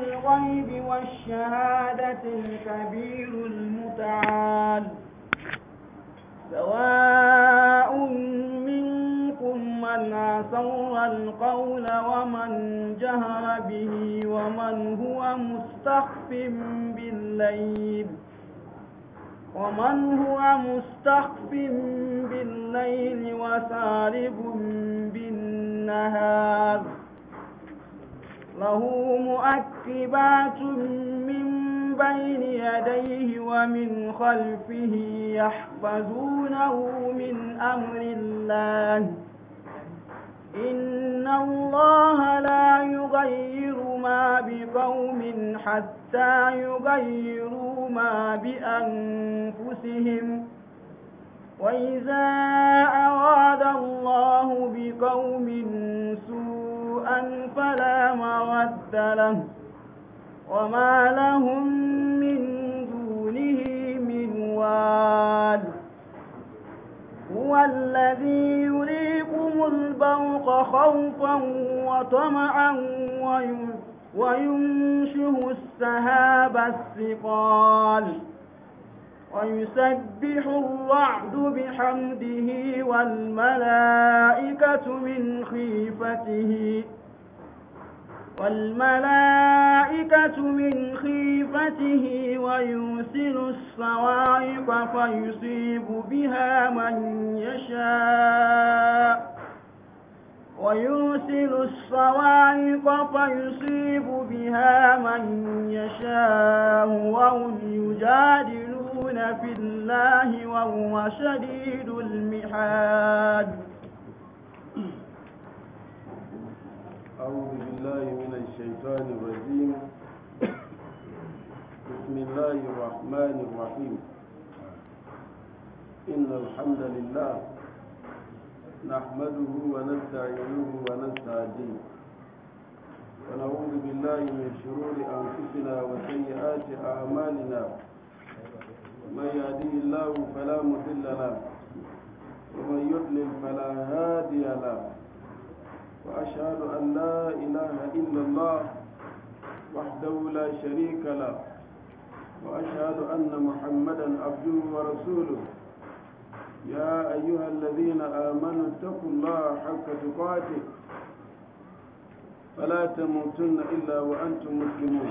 الغيب والشهادة الكبير المتعال سواء منكم من أسر القول ومن جهر به ومن هو مستخف بالليل ومن هو مستخف بالليل وسارب بالنهار له مؤكبات من بين يديه ومن خلفه يحفظونه من أمر الله إن الله لا يغير ما بقوم حتى يغيروا ما بأنفسهم وإذا أراد الله بقوم سوء فلا مرد له وما لهم من دونه من وال هو الذي يريكم البوق خوفا وطمعا وينشئ السهاب الثقال ويسبح الرعد بحمده والملائكة من خيفته والملائكة من خيفته ويرسل الصواعق فيصيب بها من يشاء ويرسل الصواعق فيصيب بها من يشاء وهم يجادلون يشركون في الله وهو شديد المحاد أعوذ بالله من الشيطان الرجيم بسم الله الرحمن الرحيم إن الحمد لله نحمده ونستعينه ونستهديه ونعوذ بالله من شرور أنفسنا وسيئات أعمالنا من يهديه الله فلا مضل له ومن يضلل فلا هادي له وأشهد أن لا إله إلا الله وحده لا شريك له وأشهد أن محمدا عبده ورسوله يا أيها الذين آمنوا اتقوا الله حق تقاته فلا تموتن إلا وأنتم مسلمون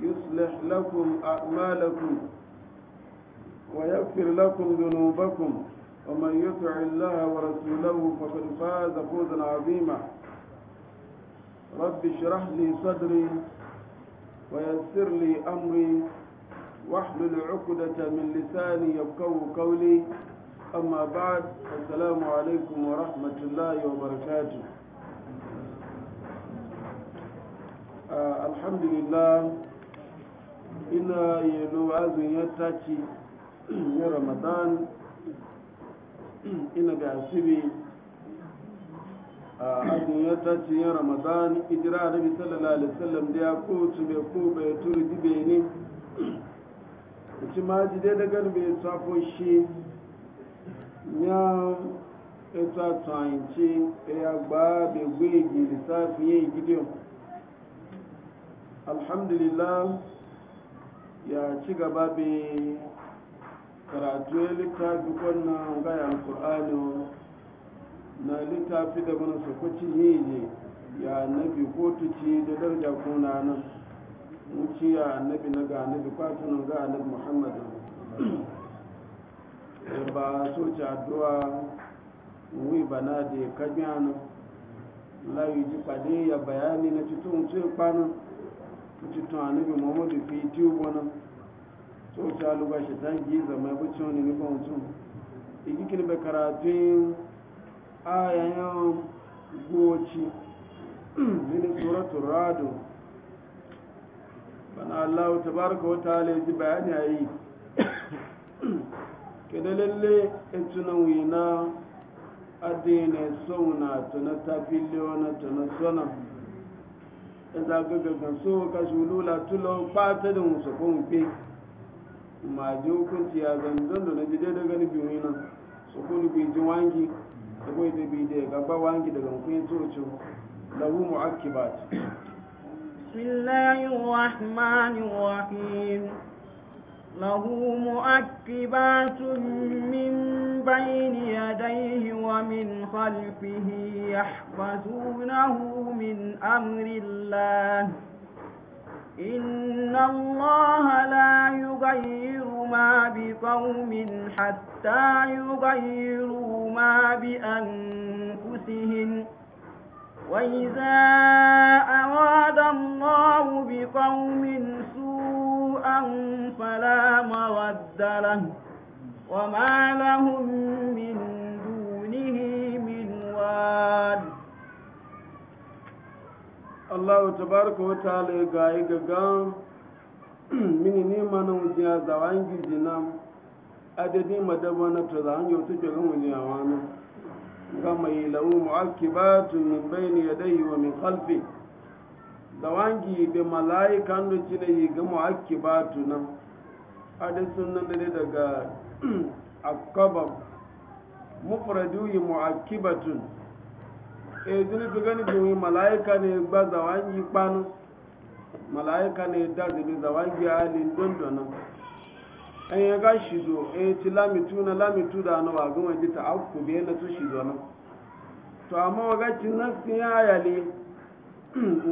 يصلح لكم أعمالكم ويغفر لكم ذنوبكم ومن يطع الله ورسوله فقد فاز فوزا عظيما رب اشرح لي صدري ويسر لي أمري واحلل عقدة من لساني يبكو قولي أما بعد السلام عليكم ورحمة الله وبركاته آه الحمد لله ina yelo azun ya taci ya ramadan ina ga asibi a ya taci ya ramadan sallallahu alaihi wasallam da ya kotu bai ko bai turu dibe ne ci ma ji dai daga bai shi ya alhamdulillah ya ci gaba bi karatu ya littafi wannan gaya alkur'ani na littafi da wani sakwacin yi ne ya nabi ko tuci da darja kuna nan wuce ya nabi na ga nabi kwatunan ga nabi muhammadu ba so ci addu'a wi bana da kanyana layu ji kwade ya bayani na cikin cin kwanan tuntun anabi muhammadu fi tiyo wani wọná ta ti shi ta yi zama ya tí ne ní nípa ọ̀tún bai karatu ni bẹ karatu ayayan gbóòchi nínú Bana rádùn ta baraka wata alaji bayani a yi kede lalle etuna wina adini sauna tuna tafiliyo na tuna sonan ẹ̀sà gbẹ̀gbẹ̀gbẹ̀ só kaṣù lóla tó tulo pa tẹ́lẹ̀ òun sọ̀kọ́ òun pé màdé okùn ti àgbẹ̀ndọ́ndọ̀ náà ti dédé gẹ́ni bí òun su sọ̀kọ́ níbi ìdí wáńgì sọ̀kọ́ níbi ìdí ẹ̀gbá wáńgì daga òfin tó tó lawu mu akibat. bismillahir له مؤكبات من بين يديه ومن خلفه يحفظونه من أمر الله إن الله لا يغير ما بقوم حتى يغيروا ما بأنفسهم وإذا أراد الله بقوم سوء شيئا فلا Allahu له وما لهم من دونه من وال الله تبارك وتعالى قايق قام من نيما نوجيا زوانجي جنام adadin madabana ta za hanyar tuke gan wani a wani ga mai lamu mu'akibatun min bayni yadayhi wa min khalfihi zawangi be mala'ikan do ci na yi ga mu'akkibatu nan hadisun nan da daga akaba mufradu yi mu'akkibatun e zini fi gani bi mala'ika ne gba zawangi kpanu mala'ika ne da zibi zawangi halin dondona an yi ga shido e ci lamitu na lamitu da na wagon wajen ta akku biye na su shido nan to amma wagacin nasin ya yale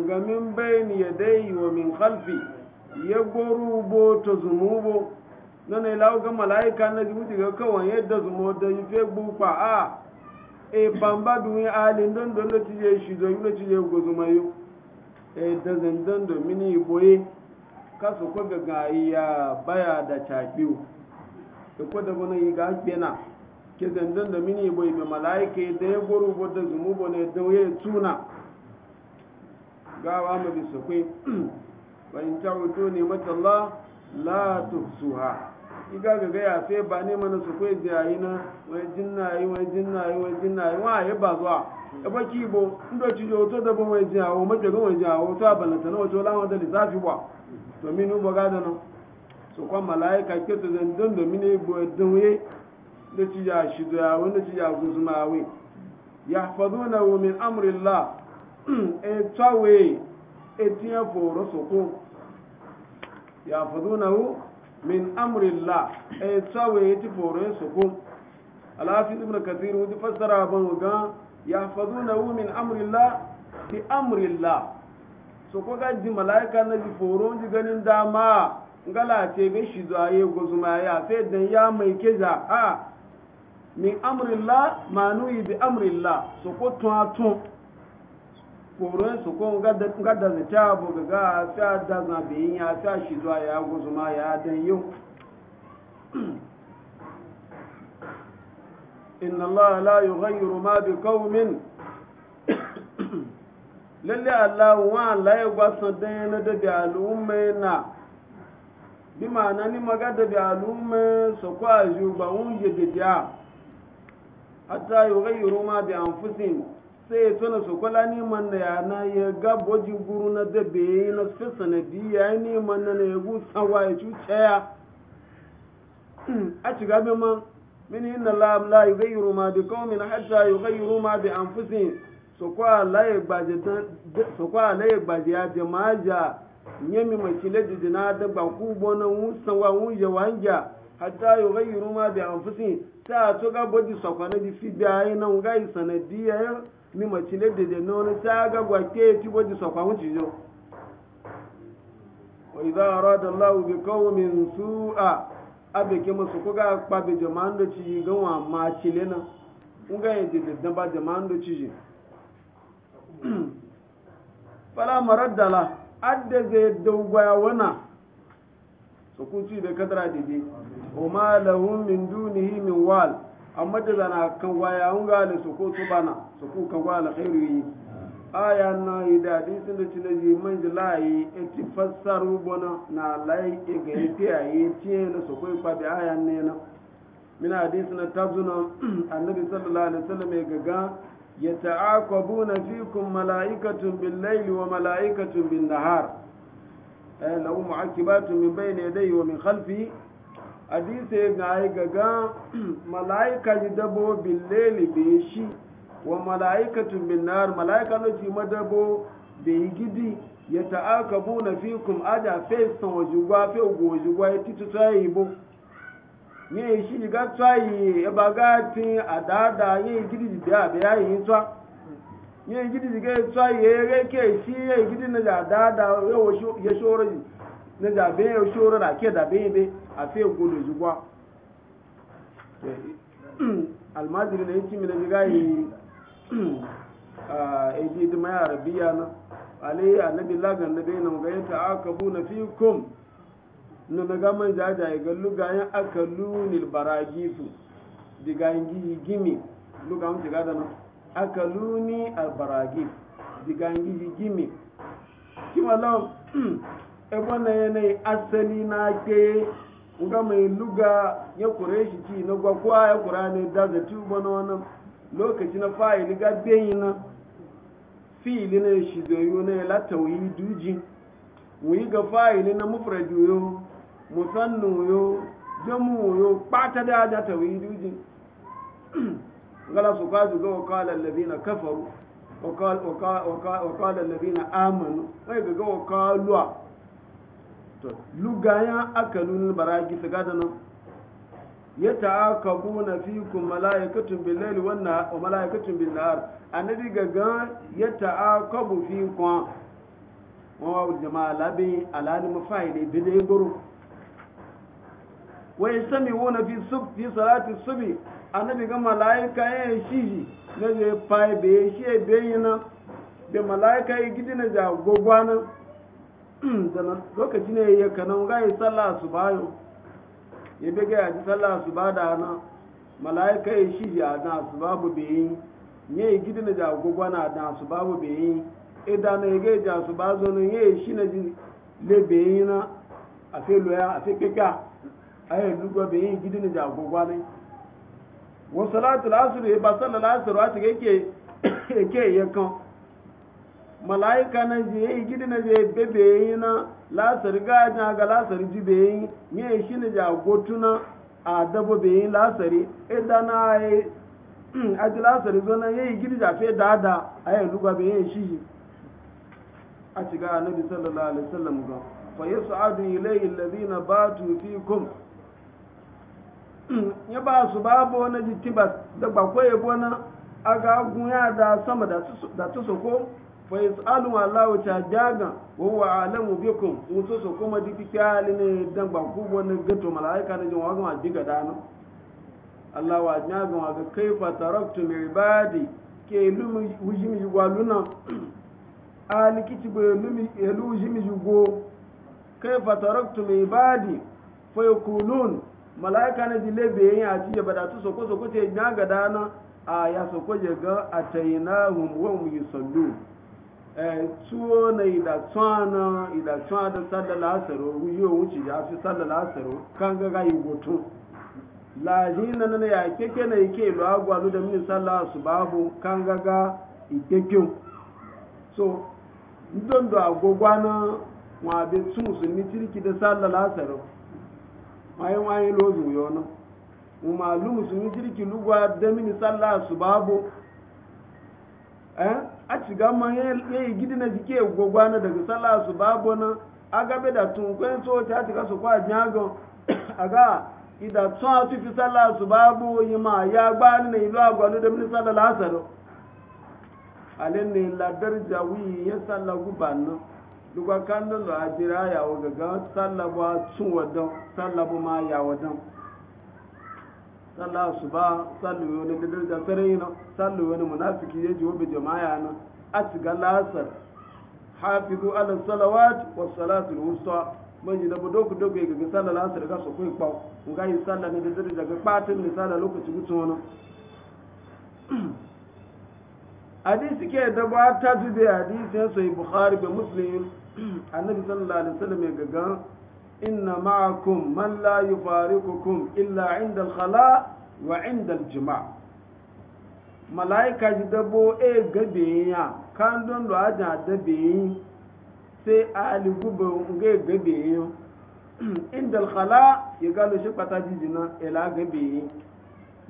nga min bayni yadayhi wa min khalfi ya goru bo to zumubo nana ilawo ga malaika na ji wuce ga kawai yadda zumo da yi fe a e bamba duwi alin don don da cije shi don yi cije gozumayo e da zandan mini boye kasu ko ga gaiya baya da chakiu e ko da bona yi ga kena ke zandan da mini boye be malaika e da ya goru bo da zumubo ne da ya tuna gawa ma bi su kwe ne mata Allah la tuhsuha iga ga ga ya ba ne mana su da na wai jinna wai wai wa ya ba zuwa e ba ki bo ndo ci jo to da bo wai ji awo ma ga wai ji awo balanta na wato lawan da lissafi ba to minu ba ga da nan su kwa malaika ke to zan don do mine bo da ci ya shi da ya etswa wee etinye foro soko ya fudunahu min amrillah etswa eh, wee eti foro soko alhafiz ibn kathir wudi fassara ban ga ya fudunahu min amrillah ti amrillah so ko ga di malaika na ji foro ji ganin dama ngala ce be shi zuwa ye gozuma ya fe dan ya mai keza ha. Ah, min amrillah manu bi amrillah so ko tun atun koron su ko gada da ta bu ga a fiya da zabiyin ya fiya shi zuwa ya guzuma ya dan yau inna Allah la yughayyiru ma bi qaumin lalle Allah wa la ya gwasa dan da bi al'umma na bi ma'ana ni maga da bi al'umma su ko azu ba un je da hatta yughayyiru ma bi anfusihim sai na sokola kula neman na yana ya ga bojin guru na dabe na fesa na biya ya neman na na ya gusa wa ya cucaya a ci gabe min inna la la yughayyiru ma bi qaumin hatta yughayyiru ma bi anfusihim so la ya gbaje so kwa la ya gbaje ya jama'aja nyemi mai kile didina da ku bona wanja hatta yughayyiru ma bi anfusihim ta to ga boji di fi ayi na ngai ni mace le dede nono ta ga gwake ti waje sokwa wuce jo wa idza arada allah bi qaumin su'a abeke musu kuga pa be jama'an ci ga wa ma cile na nga ya dede dan ba jama'an do ci fala maraddala adda zai dogwa wana su kuci da kadara dede o ma lahum min dunihi min wal amma da zana kan waya unga da su ko su kuka wa alkhairu yi aya na yi da hadisin da cile ji man ji layi eti fassaru bona na layi e ga yi tiya yi tiye na su kuka fadi aya ne na min hadisin na tabzuna annabi sallallahu alaihi wasallam ya gaga ya ta'aqabuna fikum mala'ikatun bil laili wa mala'ikatun bin nahar eh lahu mu'aqibatun min bayni yadayhi wa min khalfi hadisi ga yi gaga mala'ika ji dabo bil laili bi shi wa mala'ikatun min nar mala'ika no ji madabo da gidi ya ta'akabu na fikum ada fe san wajugwa fe gojugwa ya titu tsayi bo ye shi ga tsayi ya baga tin adada ye gidi da be ya yin tsa ye gidi ga tsayi ya ga ke shi ye gidi na da adada ya wo ya shoro na da be ya shoro da ke da be be a fe gojugwa almajiri na yi cimi na bigayi a ah, idi da maya rabiya na alai annabi lagan na bai nan gayin ta aka bu na fi kum na na gaman jajaye ga lugayen aka lunil baragi su diga yin gimi luga mun shiga da nan aka luni albaragi diga yin gimi kima lawan e ebe na yanayi asali na ke nga mai luga ya kure shi ci na gwakwa ya kura ne da zati ubana wannan lokaci na fa'ili ga yi na fi'ili na shi zoyo na la tawhid duji wuyi ga fa'ili na mufradu yo musannu yo jamu yo pata da da tawhid duji ngala su ka zuga wa qala alladhina kafaru wa qala wa amanu wai ga ga wa qalwa to lugayan akalun baraki sagada nan ya ta'akabu na fi kun mala'ikatun bin laili wa mala'ikatun bin nahar annabi gaga ya ta'akabu fi kun wa jama'a labi alani mafa'ili bi dai guru wa yasmi'una fi sub fi salati subhi annabi ga mala'ika ya shiji na je pai be shi be yana be mala'ika ya gidina da gogwana da lokaci ne ya kanan ga yi sallah su bayo ibe ga yaji sallah su ba da na malaika ya shi ya na su babu beyin nye gidi na ja gogwa na da su babu beyin ida na ga ja su ba zo nye shi na ji le beyin na a fe loya a fe keka ayi lugwa beyin gidi na ja gogwa ne wa salatu al-asr ba sallallahu alaihi wa sallam ke ke kan malaika na je yi gidi na je bebe yi na lasar gaja ga lasar ji be yi ne shi na ja na a dabo be yi lasari idan e na yi aji lasari zo na yi gidi ja fe dada a yi lugwa be yi shi a shiga annabi sallallahu alaihi wasallam ga fa yas'adu ilayhi alladhina batu fikum ya ba su babu na jitibas da bakwai fa yasalu Allah ta daga wa huwa alamu bikum mutu so kuma diki kyali ne dan ba ku wani gato malaika ne wa ma diga dano Allah wa ajna ga wa kaifa taraktu li ibadi ke lumi wujimi waluna alikiti be lumi elu wujimi jugo kaifa taraktu li ibadi fa yaqulun malaika ne ba so ko so ko a ya so Eh, tuwo na idatsuwa na idatsuwa da sadda lasaro yiwu wuce ya fi sadda lasaro kan gaga igoto laji na nana ya keke na ike ilu agwalu da mini sallah su babu kan gaga ikeke so ndon agogwa na wa be tun su ni tiriki da sallah lasaro wayi wayi lozu yona mu malum su ni tiriki lugwa da mini sallah su babu eh a ciga man ya yi gidi na jike gwagwana daga sallah su babu na agabe da tun kwayan so ta cika su kwa jagon a ga ida tun a tufi sallah su babu yi ma ya gbani na ilu agwalu da mini sallah lasaro alin ne ladar jawi ya sallah guban nan lugwa kan da a jira ya wa gaga sallah ba tun wadon sallah ma ya wadon sallah su ba sallu wani da da sarai yana sallu wani munafiki ya ji wabi jama'a na a shiga lasar hafizu ala salawat wa salatul wusta man yi dabu doku doku ya gaga sallah lasar ga su kai kwa in ga yi sallah ne da zai daga fatin ne sallah lokaci gutsun wani hadisi ke da ba ta dube hadisi ya soyi bukhari da muslim annabi sallallahu alaihi wasallam ya gaggan inna ma'akum man fari yufariqukum illa 'inda al-khala wa jima malaika ji dabo e gabe ya kan don do aja dabe sai ali gubo nge gabe yo inda al ya galo shi pata jijina ila gabe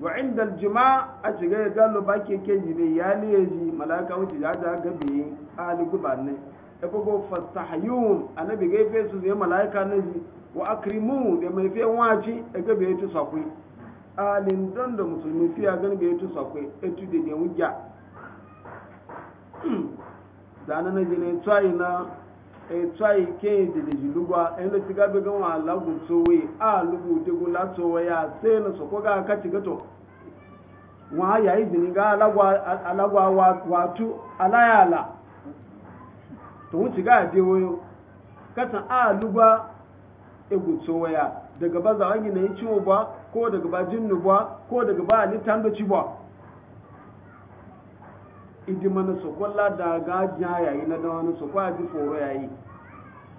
wa 'inda al-jima' a shiga ya galo ba keke jibe ya ne ji malaika wuce ya da gabe ali guba ne ebogo fastahyum annabi ga ife su zai malaika hmm. na ji wa akrimu da mai fiye waci ega bai tu sakwe a don da musulmi fiye gani bai tu sakwe etu da jan wujja zana na jina tsayi na e tsayi ke da da ji lugwa en da tiga be gan wa lagu sowe a lugu te la sowe ya sai na soko ga ka tiga to wa ya izini ga alagwa alagwa wa watu alayala to wuce ga a wayo kasan a luba egutso waya daga ba za a gina yi ciwo ba ko daga ba jinnu ba ko daga ba halittar da ci ba idi mana sokola da gajiya yayi na da wani sokola ji foro yayi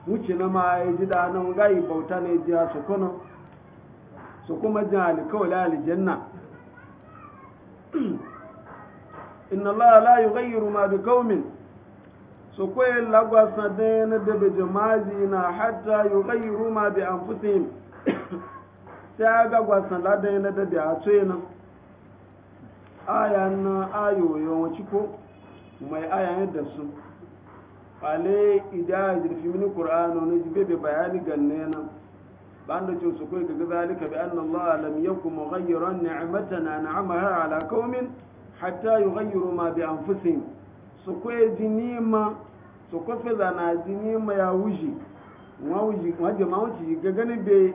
wuce na ma ya ji da nan gayi bauta na jiya su kuna su kuma jin alikawali alijanna inna allaha la yughayyiru ma bi su kwaye lagwasa dai na dabe jama'i na hatta yi kai ruma bi an fusim sai a ga gwasan ladai na dabe a tsoye nan aya na ayo yawanci ko mai aya yadda su ale idan jirfi mini qur'ano na jibe be bayani ganne na banda ce su kai ga alika bi anna allah lam yakum mughayyiran ni'matan an'amaha ala qaumin hatta yughayyiru ma bi anfusihim sokwe ji nima sokwe feza na ji nima ya wuji wa wuji wa jama wuji gagani be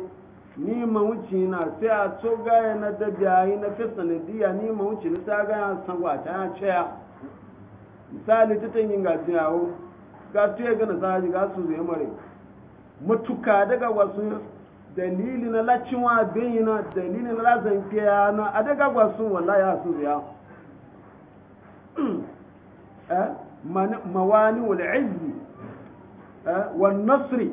nima wuji na sai a to gaya na dabi ayi na fesa na diya nima wuji na ta gaya sangwa ta ya ceya misali ta tanyin ga jiyawo ga tuye gana za ga su zai mare matuka daga wasu dalili na lacinwa na dalili na lazan kiya na a daga wasu wallahi ya su zai mawani wal izzi wan nasri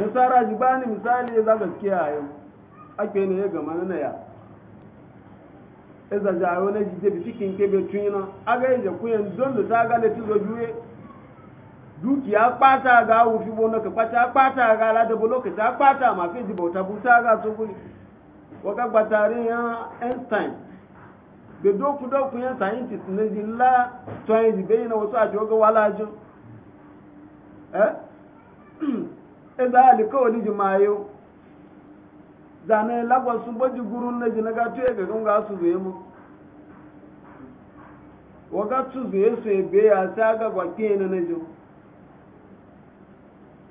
nasara ji bani misali za gaskiya yau ake na ya gama na ya iza jawo na jide bi cikin kebe tuna aga yi jakuyan don da ta gale ti zo juye dukiya kpata ga wufi bono ka kpata kpata ga ala bolo ka ta kpata ma fi ji bauta buta ga tsoguli waka gbatarin ya einstein da doku doku yan scientist na jilla tsohon jibe bayyana wasu a joga walajin eh eza alikawali jimayo zane lagos sun baji gurun na ji na gato ya gagan ga su zuye mu Wa su zuye su ya beya sai aga gwake na na jo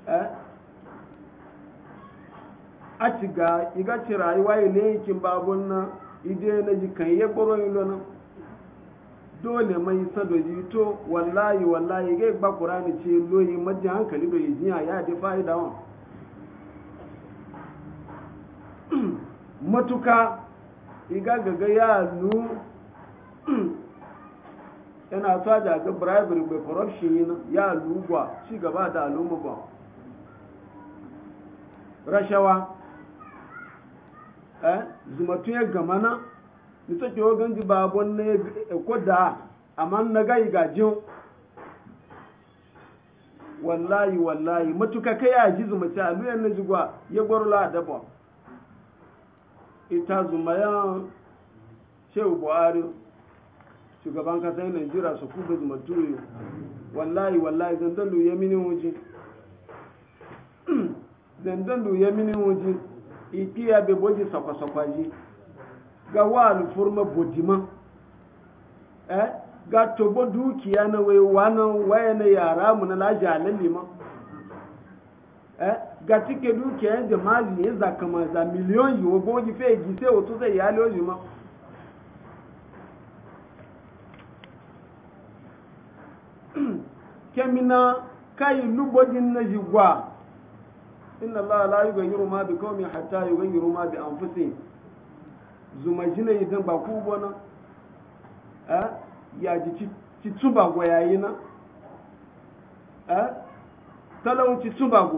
eh a ciga iga ci rayuwa ne yakin babun nan ide na ji kan ye gboro yin lona dole mai sado ji to wallahi wallahi ga ba qur'ani ce loyi majin hankali do yijiya ya da fa'ida wa matuka iga gaga ya nu yana tsaja ga bribery bai corruption ya lugwa ci gaba da al'umma ba rashawa eh zumatu ya gama na nito ke ogan ji babon na e ko da amma na ga yi gaji wallahi wallahi matuka kai ya ji zumatu a luyan na jigwa ya gwarula da ba ita zumayan shehu buhari shugaban kasa yin nigeria su kuma zumatu wallahi wallahi zan dalu ya mini wuji zan dalu ya mini wuji ikiya be boji sakwa-sakwa ji ga wa alfurma bojima eh ga tobo dukiya na wai wannan waye na yara mu na laji alalli ma eh ga tike dukiya yan jama'i ne za kama za miliyon yi wa goji fe gi sai wato sai ya loji ma kemina kai lubodin na gwa. inna Allah la yughayyiru ma biqawmin hatta yughayyiru ma bi anfusihim zuma jina idan ba ku bona a ya ji ci tuba go yayi na a talawun ci tuba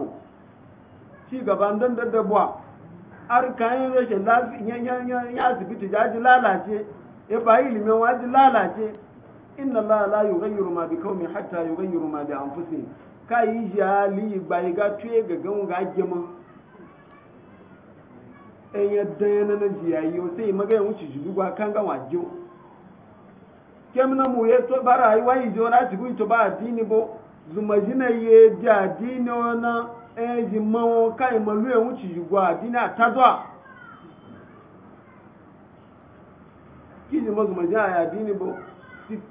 ar kayan rashin lafiya ya asibiti ya ji lalace ya bayi ilimin wa ji lalace inna Allah la yughayyiru ma biqawmin hatta yughayyiru ma bi anfusihim ka yi ji hali ba yi ga tuye ga gan ga gima en ya dana na ji o sai maga yan wuce ji duba kan ga wajo kem na mu ye to bara ai wai o na ti to ba dini bo zuma jina ye ja ma ona e kai malu yan wuce ji a dini atadwa kiji zuma bo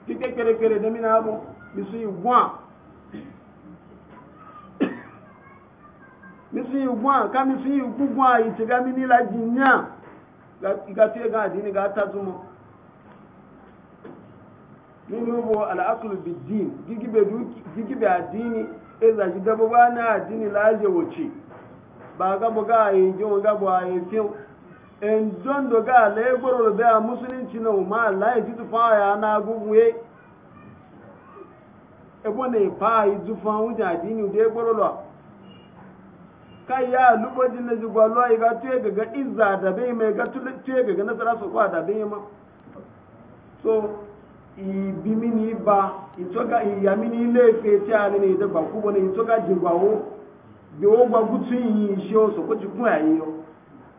ti kekere kere bo yi a. misi ugbu a ka misi ugbu ugbu a yi tiga mi nila ji nya ga tiye ga adini ga ta zumo nínú wo al'akulu bi din gigibe adini eza ji ba na adini laje ba ga a yi jin gabo a ga egboro a na ma la yi jitu fa ya na e. fa adini egboro lo kai ya lubo din na jigwa ai ga tuye ga izza da bai mai ga tuye ga nasara su kwa da bai ma so i bi mini ba i ga i ya mini le fe ti ani ni da ba ku bo ni toga jigwa wo bi wo gba gutu yi shi o so ko jigun ayi yo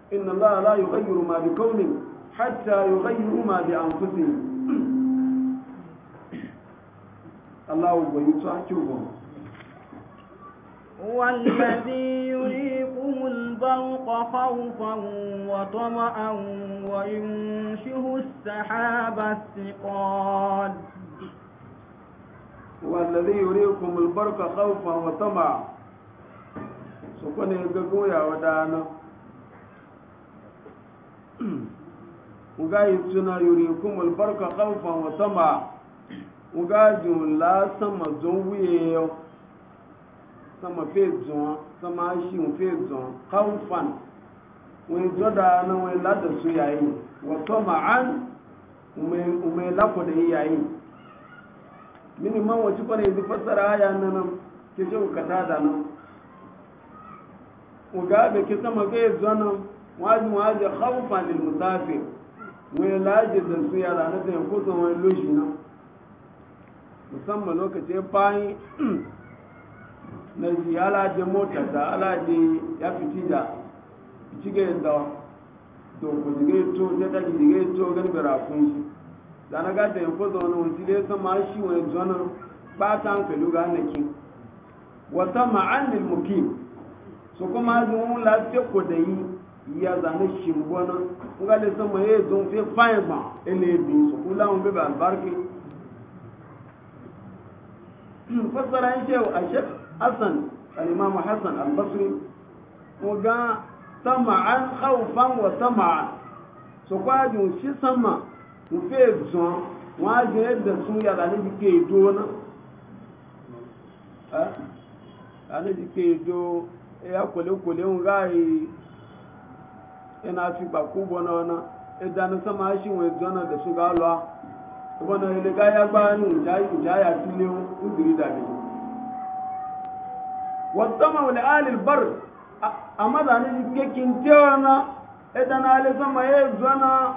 inna allaha la yughayyiru ma bi qaumin hatta yughayyiru ma bi anfusihim Allah wa yuta kyugo هو الذي يريكم البرق خوفا وطمعا وينشه السحاب الثقال هو الذي يريكم البرق خوفا وطمعا سكون يغغويا ودانا ugayi suna yurikum albarka khawfan wa sama ugajin la sama zon wuye yau sama fe zɔn sama shi fe zon kaufan wani joda na wani lada su yayi wato ma'an umai lako da yi yayi mini man wace kwana yanzu fassara aya na nan ke ce ka tada nan ku gabe ki sama fe zon wajen wajen kaufan lil musafir wani laje da su yara na ta yankusa wani loshi nan musamman lokacin bayan na shi alaje mota ta alade ya fiti da ci ga yadda to ku zige to ta ta zige to gani bera kun shi da na gada yanko zaune wani zige ta ma shi wani zona ba ta hankali ga hannakin wata ma'anin mukim su kuma zuwa lafiya ko da yi ya zane shi gona kuka da sama ya zo fi fayin ba ina bi su kula mun fassara a shekara Hassan al Hassan hasan al-basri ko ga tama'an khawfan wa tama'an so sama mu fe zon wa je yadda sun ya da ni ke do na eh ani ke do e ya kole kole un gai ina e fi ba ku bona e na sama e ni والطمع لآل البر أما ذا نجي كنتيونا إذا نالي سما يزونا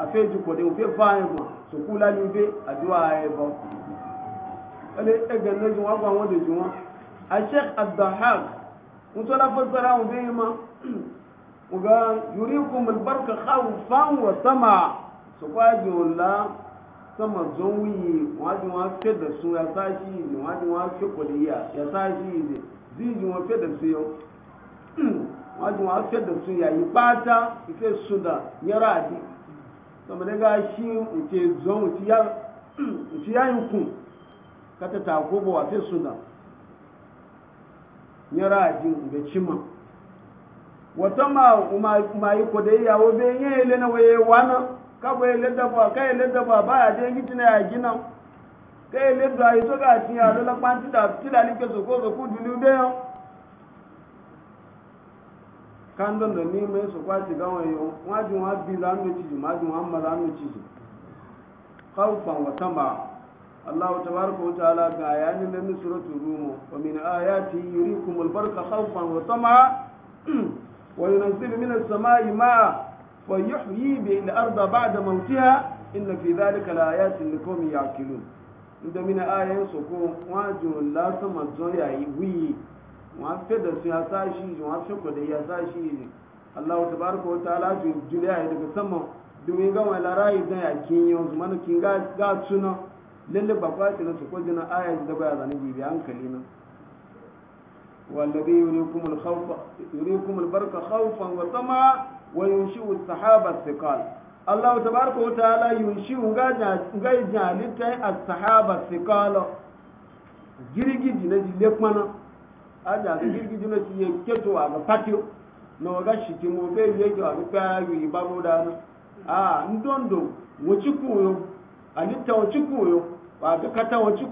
afeju ko de ofe fa yin ko sukula ni be adua e bo ele ege ne ju wa gba won de ju won a sheikh ad-dahak mun to la fasara won be ma uga yurikum al-barka khawfan wa sama sukwa ju la sama zon wuyi wajen wa fe da su ya sa shi yi ne wajen wa fe kwaliya ya sa shi yi ne zi ziji wa fe da su yau wajen wa fe da su ya yi bata ife su da ya radi sama daga shi nke zon wuci ya yi kun kata ta kobo wa fe su da ya radi da cima wata ma yi kodayya wabe yin ile na waye wana kabo ya ledda ba ka ya ledda ba ba ya je gitina ya gina ka ya ledda ayi to ga tin ya lo la pan tida tida ni ke so ko so ku dulu de yo kan don da ni me so kwa ti ga won yo wa ju wa bi la mi ti ma ju wa ma la mi ti khawfan wa tama Allah tabaraka wa ta'ala ga ayani na ni suratul rum wa min ayati yurikumul barqa khawfan wa tama wa yunzilu minas samai ma'a ويحيي به الأرض بعد موتها إن في ذلك لآيات لقوم يعقلون da su ya sa shi tabaraka wa ta'ala sama domin ga wani larayi dan ya ba da hankali wa yunshi'u sahaba thiqal Allah tabaraka wa ta'ala yunshi'u ga ga jalita a sahaba thiqal girgiji na jile kwana aja girgiji na ci keto a ga patio na waga shiki mo be yeke a ga na a ndondo wo chikuyo alita wo chikuyo wa ga kata wa ga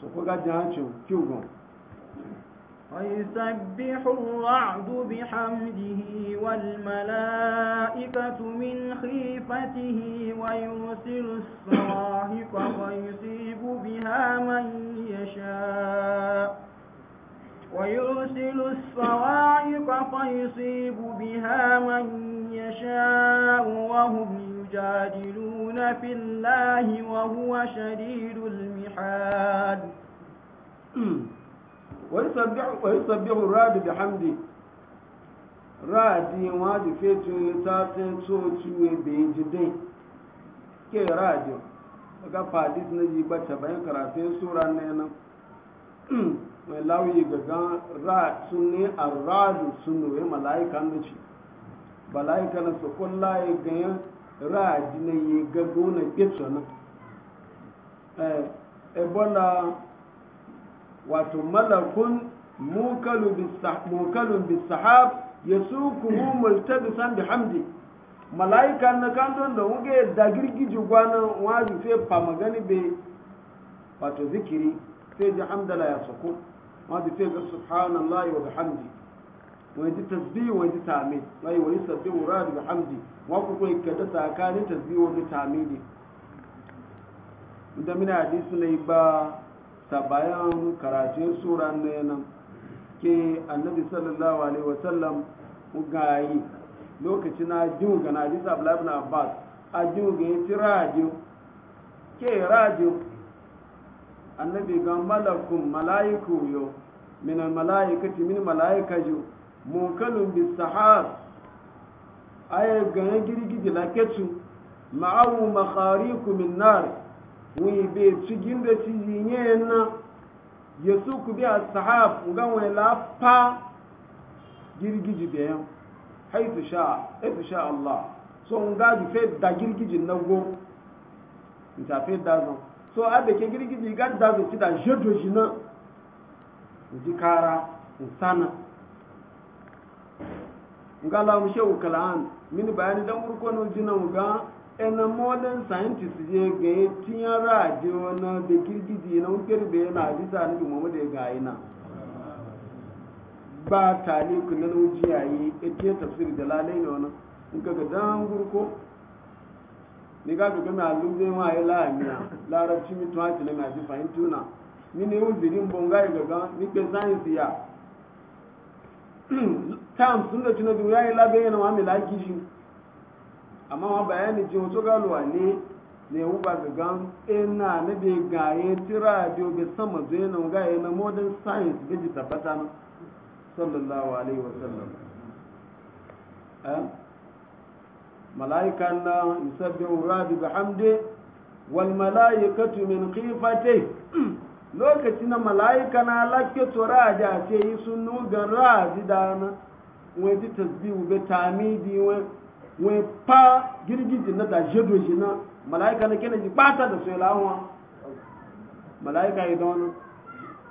سوكوغا جانشو كيوغون ويسبح الرعد بحمده والملائكة من خيفته ويرسل الصواهق ويصيب بها من يشاء ويرسل الصواعق فيصيب بها من يشاء وهم يجادلون في الله وهو شديد المحاد ويسبح ويسبح بحمده راد wadi fetu ta tin so كي be ke radi ga fadis na ji bata bayan karatun sura ne nan mai lauyi ga gan ra sunne malaika na su raji dina yi gago na getso eh, na ebola wato malakun mukalun bisahab ya su kuma multabisan bi hamdi malaika na kanton da wuge da girgiji gwanan waju fe fama gani be wato zikiri sai ji hamdala ya sako waju fe ga subhanallahi wa hamdi. wani wa wani tamid wai wani sabbi wura bi hamdi wa ku kai kada tsakanin tasbihu wa tame inda mina hadisi ne ba sabayan karatun sura ne nan ke annabi sallallahu alaihi wasallam gayi lokacin na jiwu ga hadisi abdullahi ibn abbas a jiwu ga yace rajiu ke rajiu annabi ga malakum malaiku yo min al malaikati min malaikaju munkalun bi a aye ganin girgiji la ketu ma'awu ma'kari kumin nar wani bai cigin da ci yinye na yesu ku bi as-sahab ngan wa la pa girgiji be yan haitu sha haitu sha Allah so nga di fe da girgiji na go nta fe da so abe ke girgiji ga da zo ti da jedo jina nga la mu shehu kalaan mini bayani dan urko no jina mu ga ena modern scientist je ga tiya radio na da girgiji na ukir be na hadisa ni mu mu da ga ina ba tali kun na yi yayi ete tafsir da lalai ne wannan in ga dan urko ni ga ga ma lu de ma ai la miya larabci mi to haki na ma ji fahimtuna ni ne uzirin bonga ga ga ni ke science ya tam sun da tuna duniya ya labe yana wa mila kiji amma wa bayani ji wato galuwa ne ne wu ba ga gan ina na be gaye tira biyo be sama zo yana ga yana modern science be ji tabbata na sallallahu alaihi wa sallam eh malaikan na yusabbihu rabbi bihamdi wal malaikatu min khifatihi lokaci na malaika na lakke tsora da ce yi sun nugan dana wọn ti tasbi wo bɛ taami di wọn wọn pa girigidi na da zedo zi na malaika na kene ji kpata da so la wọn malaika yi na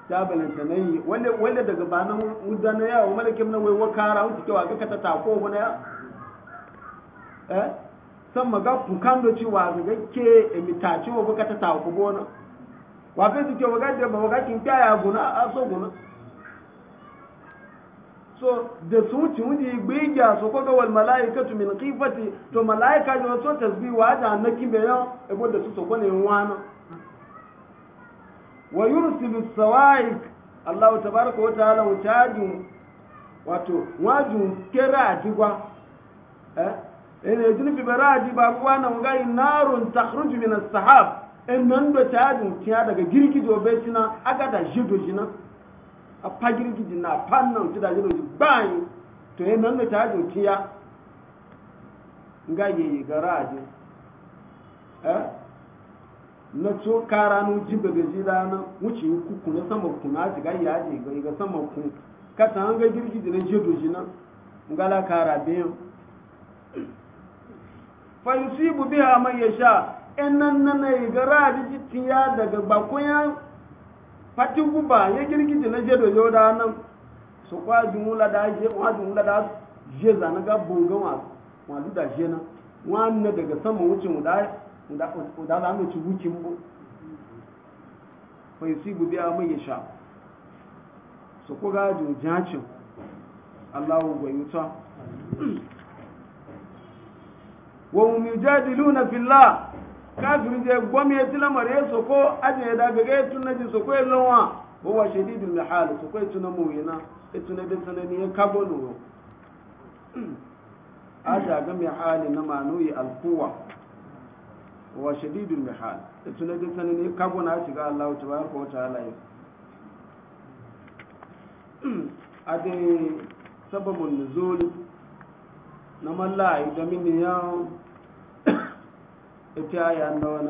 ta balanta na yi wale wale daga ba nan mudda na yawo malakin na wai wakara wuce kewa ga kata ta ko wani ya eh san maga fukan do cewa ga gake emitaci wa baka ta ta ko gona wa ga dike e wa ga da ba ga kin ta ya gona a so gona so da su wuce wuce gbigya su kwaga wal mala'ika tu min qifati to mala'ika ne wato tasbi wa da annaki be yo e bo da su so kone wana wa yursilu sawaik Allah tabaaraka wa ta'ala wa tajum wato wajum kera digwa eh ene jini fi baradi ba kuwa na ngai narun takhruju min as-sahab en nan do tajum kiya daga girgido be sina aga da jido jina a pagirgidi na pannan ti da jina. bayan to yi nan da ta jociya ga yi gara aje eh? na co kara nu jibe da na rana wuce kuku na sama kuna ji ga yi aje ga sama kun kasa an ga girgi da na je doji nan ngala kara biyan fa yusibu biha ya yasha ennan nan ne gara ji tiya daga bakoyan fatigu ba ya girgi da na je doji da nan so kwajin wula da je kwajin wula da je zana ga bonga wa wa da je na wannan daga sama wuce mu da mu da mu da mu ci wuce mu fa yusibu bi amai yasha so ko ga ju jacin Allahu wa yuta wa hum yujadiluna fillah kafirin je gwamnati lamare so ko aje da gaga tun naji so ko e lawa huwa shadidul mihal so ko e tun mu yana itune da tunani ya kabono a shaga mai hali na manuyi alkuwa wa shadidun mai hali itune da tunani ya kabona a shiga Allah ta baraka wata halaye a da sababin nuzul na mallaye da mini yawon ita ya na wani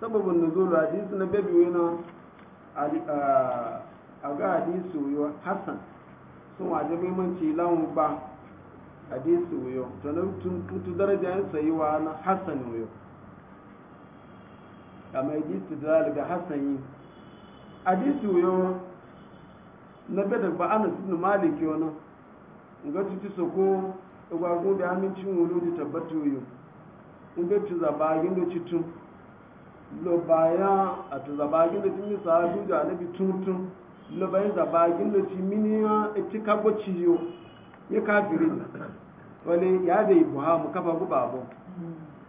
sababin nuzul hadisi na bebi wina a ga hadisi yiwa hassan sun waje muhimmanci lawan ba hadisi wuyo to na tutu darajar sayuwa na hassan wuyo amma ji da ga hassan yi hadisi wuyo na bada ba ana sinu maliki wani ga tutu soko igwagun da amincin wulu da tabbata wuyo in ga ci zabagin da citun lo bayan a ci zabagin da cin misa hajjuja na bitun tun lubai zaba gindo ci mini ya e ci ciyo ya kafiri wale ya da ibu ha mu kafa ku babo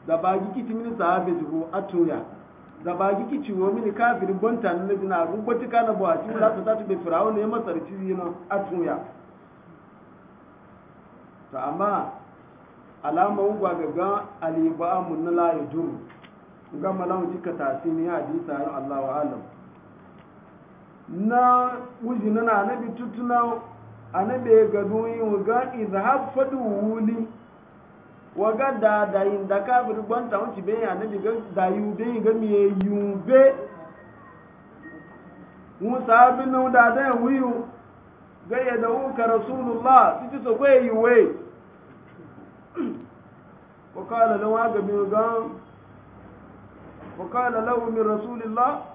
zaba gi kiti mini sahabe jibo zaba kiti wo mini kafiri bonta ne na rubuta kana bo e a cikin lati ta be firawo ne masar yana ta amma alama ugwa ga malamu cika tasini hadisi na wuji na na anabi tutuna anabi ga duyi waga izhab fadu wuli waga da da inda ka bi gwanta wuci be anabi ga da yu de ga mi yu be musa bin na da da wiyu ga ya da uka rasulullah titi so ko yi we ko kala lawa ga mi ga ko kala rasulullah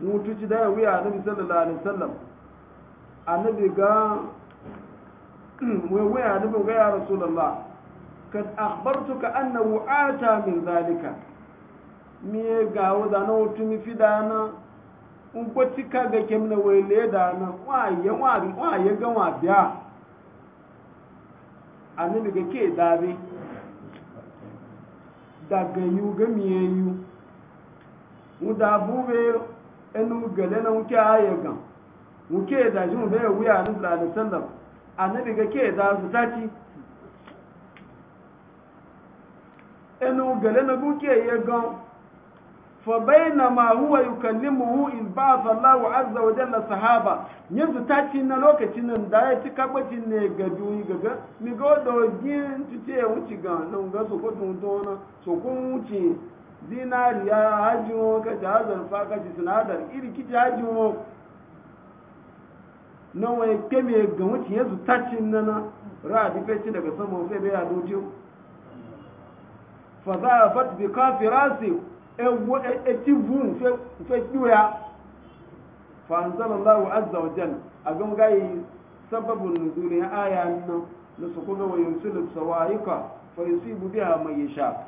mutuci da ya wuya annabi sallallahu alaihi wasallam annabi ga wai wuya annabi ga ya rasulullah kad akhbartuka annahu ata min zalika mi ga wada na wutu mi fidana un gwati ka ga kemna wai le da na waye ya waye ya ga wa biya annabi ga ke bi daga yu ga miye yu mu da bube enu gele na muke aye gan muke da jin be wuya ni sallallahu alaihi da su taci na muke ye gan fa bainama huwa yukallimuhu in ba'atha Allahu sahaba nye taci na lokacin nan da ya ne ga gaga mi gan zinariya hajjiwo ka ci hazarfa ka ci sinadar iri kici hajjiwo na wai keme ga wuce yanzu tacin nana a feci daga saman fai bai yado jiyo fa za a fata bi kafi rasi eti e, e vun fai kiwaya fa an zala lawo azza wa jan a gan gayi sababin nuzulin aya nan na su kuma wa yunsulun sawa'ika fa yusibu biya mai yasha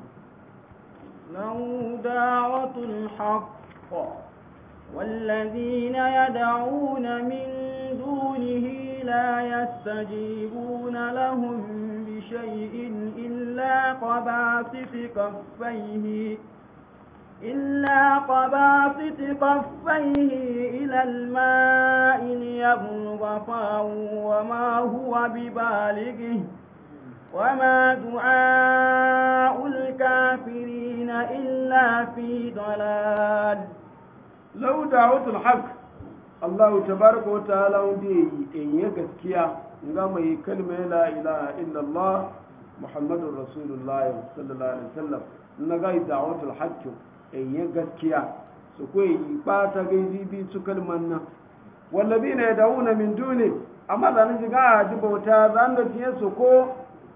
له دعوة الحق والذين يدعون من دونه لا يستجيبون لهم بشيء إلا قباسط كفيه إلا قباسط كفيه إلى الماء ليبلغ فاه وما هو ببالغه وما دعاء الكافرين إلا في ضلال لو دعوت الحق الله تبارك وتعالى ودي إن يكسكيا نغم كلمة لا إله إلا الله محمد رسول الله صلى الله عليه وسلم نغاي دعوت الحق إن يكسكيا سكوي باتا غيزي بيتو كلمة والذين يدعون من دونه أما zanen shiga a ji bauta zanen da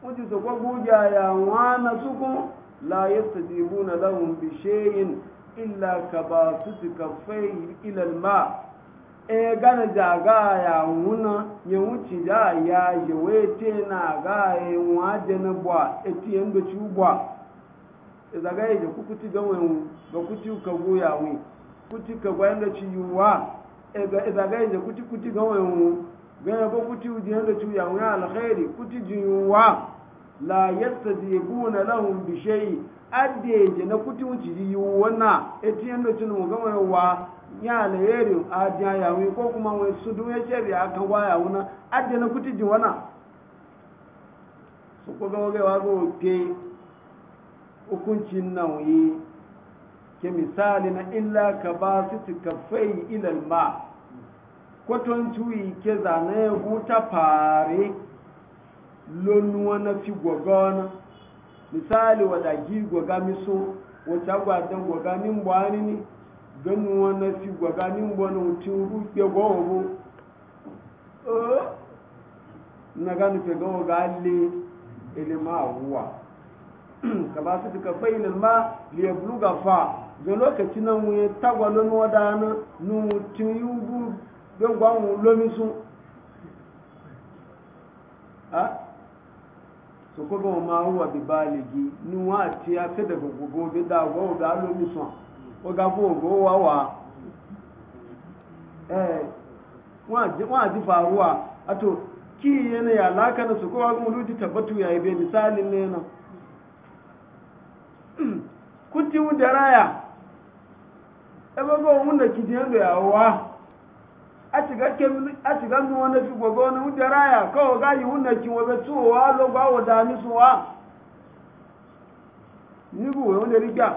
kuji su kwa guja ya wana suku la yastajibuna na lahun bishiyin illa ka ba su ti kafai ilal ma e gana jaga ya wuna ya wuce da ya yi wete na ga ya e waje na bwa eti yanda ci bwa e, e zaga ya e kukuti ga wen ga kuti ka goya wi kuti ka gwa da ci yuwa e ga e zaga ya kuti kuti ga wen ga ya kuti udi yanda ci ya wi alkhairi kuti ji la yastajibuna lahum bi shay'in adeje na kuti wuci yi wana etiyan da cinu gama wa ya na yerin ajiya ya wi ko kuma wai su dun ya shebe aka waya wuna adde na kuti ji wana su ko ga wage wago ke hukuncin nan yi ke misali na illa ka ba su ti kafai ilal ma kwaton cuyi ke zane huta fare lonuwa na fi gwagwana misali wata gi gwaga miso wata gwadan gwaga nin bwani ni ganuwa na fi gwaga nin bwani mutum rufe gwawo eh, na gani fe gawo ga alle ilima awuwa ka ba su duka fayin ilma liya buluga fa ga lokaci nan wuye tagwa lonuwa da na mutum yi ubu don gwanwu lomisu a ah? su kuma ma huwa bi baligi nuwa ce ya fi daga gugu bi da gowa ga lomi son o ga fo gowa wa eh wa ji faruwa ato ki yana ya laka na su kowa kuma ruji tabbatu yayi bai misalin ne na kuti wudaraya ebe go mun da kijiyan da yawa a shiga mu wani fi gobe wani wunde raya kawo gayi wunna ki wabe tsowa logba wa dami suwa nibu wa wunde rigya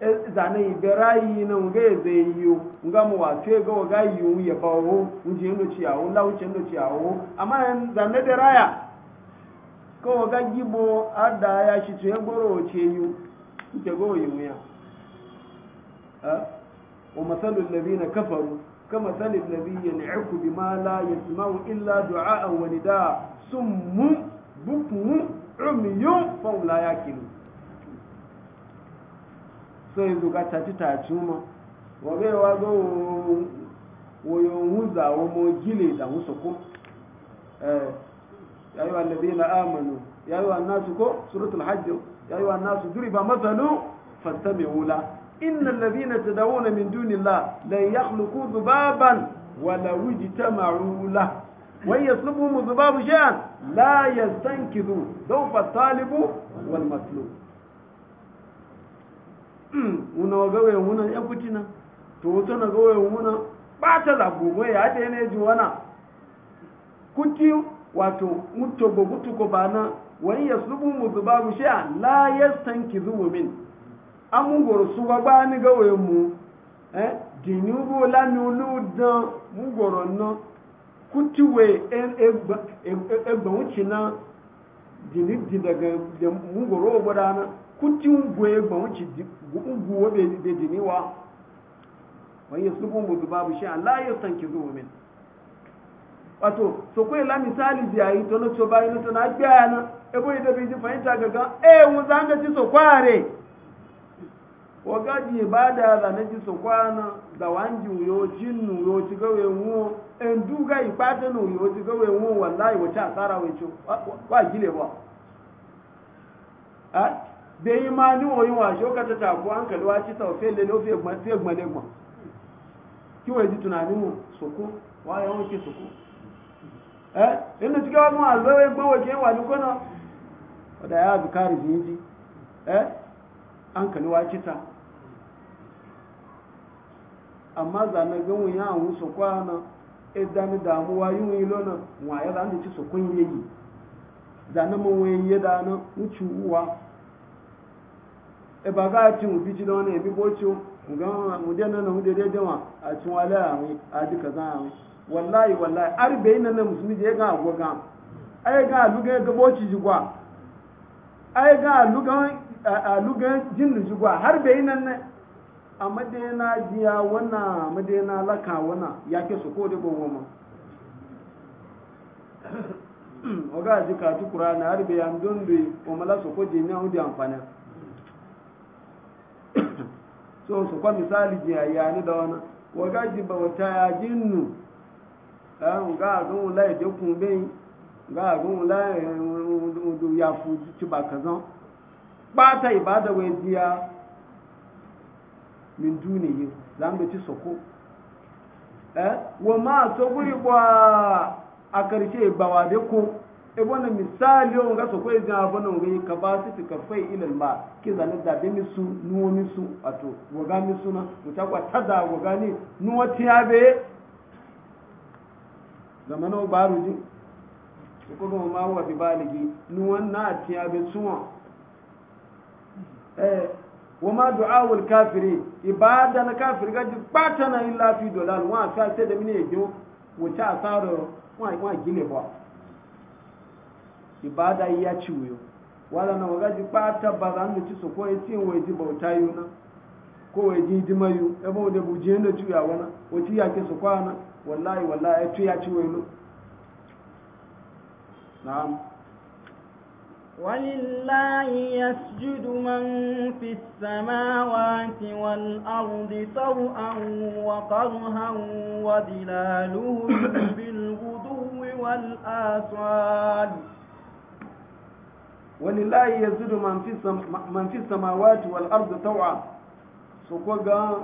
e, zane ibe rayi na nga eze yiwu nga mu wa fe ga waga yiwu ya bawo wunje yin doci yawo lawuce yin doci yawo amma zane da raya kawo ga gibo ada ya shi tsoye gboro ce yiwu nke go yiwu ya ومثل الذين كفروا كمثل الذي ينعق بما لا يسمع إلا دعاء ونداء سم بكم عمي فهم لا يأكلون sai zuga taci taci ma wage wago woyon huza wo mo gile da musu ko eh yayi wallazina amanu yayi wa nasu ko suratul hajj yayi wa nasu duriba mathalu fastami'u la إن الذين تدعون من دون الله لا يخلقوا ذبابا ولو اجتمعوا له وإن يطلبهم الذباب شيئا لا يستنكذوا ضعف الطالب والمطلوب muna ga wayan muna ya kuti na to wato na ga wayan ba ta zago ya da ne ji wana kuti wato mutogo gutuko bana wa yaslubu mudbabu shay'a la yastankizu min amúgòrò súnwọ́ bá nígbàwò èmú ẹ́ dìní wó lámì olóòdán múgòrò náà kú tíwé dìní dìdàgà múgòrò ògbọ́dá náà kú tí ń gbé wó bẹ dìní wa wọ́n yẹ súnmọ́ mọ̀ bíbá bu ṣe aláyọ̀ tàn kí ló wọ́n wato so la misali bi ayi to no to bayi no to na gbe ana ebo ide bi di gaga zanga wakati ibada za neji sokwana za wanji uyo jinnu uyo chigawe nguo enduga ipate no uyo chigawe nguo wallahi wacha asara wecho wa gile ba a de imani oyin wa shoka ta ta ko hankali wa ci tawfe le lo fe gba fe gba le gba ki wa ji mu soko wa ya won ki soko eh inda chigawa mu azawe gba wa ke wa dukona da ya bukari jinji eh hankali waci ta amma zane ganwun ya hanwu su kwana idami e damuwa yi wuyi lona waye za ci su kun yayi zane mun wuyi ya dana wuce uwa e ba ga ci mu biji lona e bi boci ngan mu dena na mu dede dewa a cin wala a mi a duka za a mi wallahi wallahi arbe na na musulmi je ga goga ai ga luga ga boci jigwa ai ga luga a lugan jinnu jigwa har bai nan ne a madina jiya wana madina laka wana ya ke su ko da gogo ma oga ji ka tu qur'ana har bai an don bi o mala su ko je na hudi amfani so su kwa misali jiya ya ni da wana oga ji ba wata ya jinnu eh oga gun lai de kun bai ga gun lai ya fu ti ba kazan bata ibada wai ziya min dunihi zan ci soko eh wa ma so guri ba a karshe ba wa ku, ko misali on ga soko ko idan abun ga ka ba ka fai ilal ma ki zane da nisu mi su nuwo mi ato na to kwa tada wa ga ni nuwo tiya be na baruji ko ko ma wa bi baligi nuwan na tiya be suwa Eh, wama du'awul kafiri ibada na kafiri gaji bata na illa fi dolal wa fa sai da mini yajo wace asaro wa wa gile ba ya ciwo wala na wagaji bata ba bara ci so ko yace wai ji bauta yuna ko wai ji dimayu e ba da buje da ciwa wana wace ya ke so wallahi wallahi ya na. ولله يسجد من في السماوات والأرض طوءا وقرها وظلالهم بالغدو والآصال ولله يسجد من في السماوات والأرض طوءا سوكوغا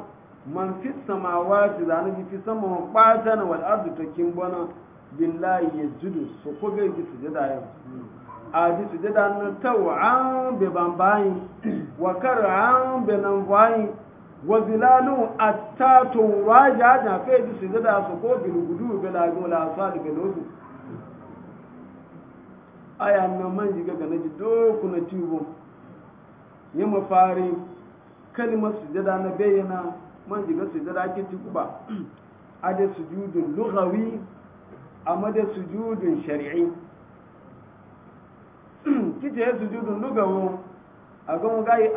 من في السماوات ذلك في السماء قاتنا والأرض تكيمبنا بالله يسجد سوكوغا يسجد آيوه Aji su jida na an bi bambayi wa kar'an bi nanvayi wa zilalu attatu waja da fe di su jida su ko bil gudu bi la gola sali bi aya na man jiga ga naji doku na tiwo ya mafari kalmar sujada na bayyana man su sujada ake ci kuba ade sujudun lughawi amma da sujudun shari'i kije ya sujudu lugawo a ga muga yi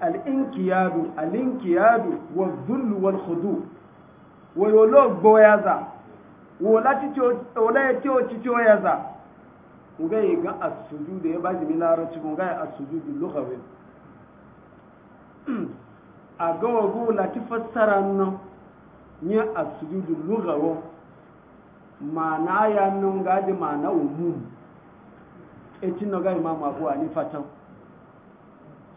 al'inkiyadu al'inkiyadu wa zullu wal khudu wa yolo gboya za wola ci o ci o ya za muga yi ga asujudu ya ba jimi larabci muga yi asujudu lugawo a ga wago lati fassara nan ya asujudu lugawo na ya nan gaji na umu etin na ga imam abu ani fatan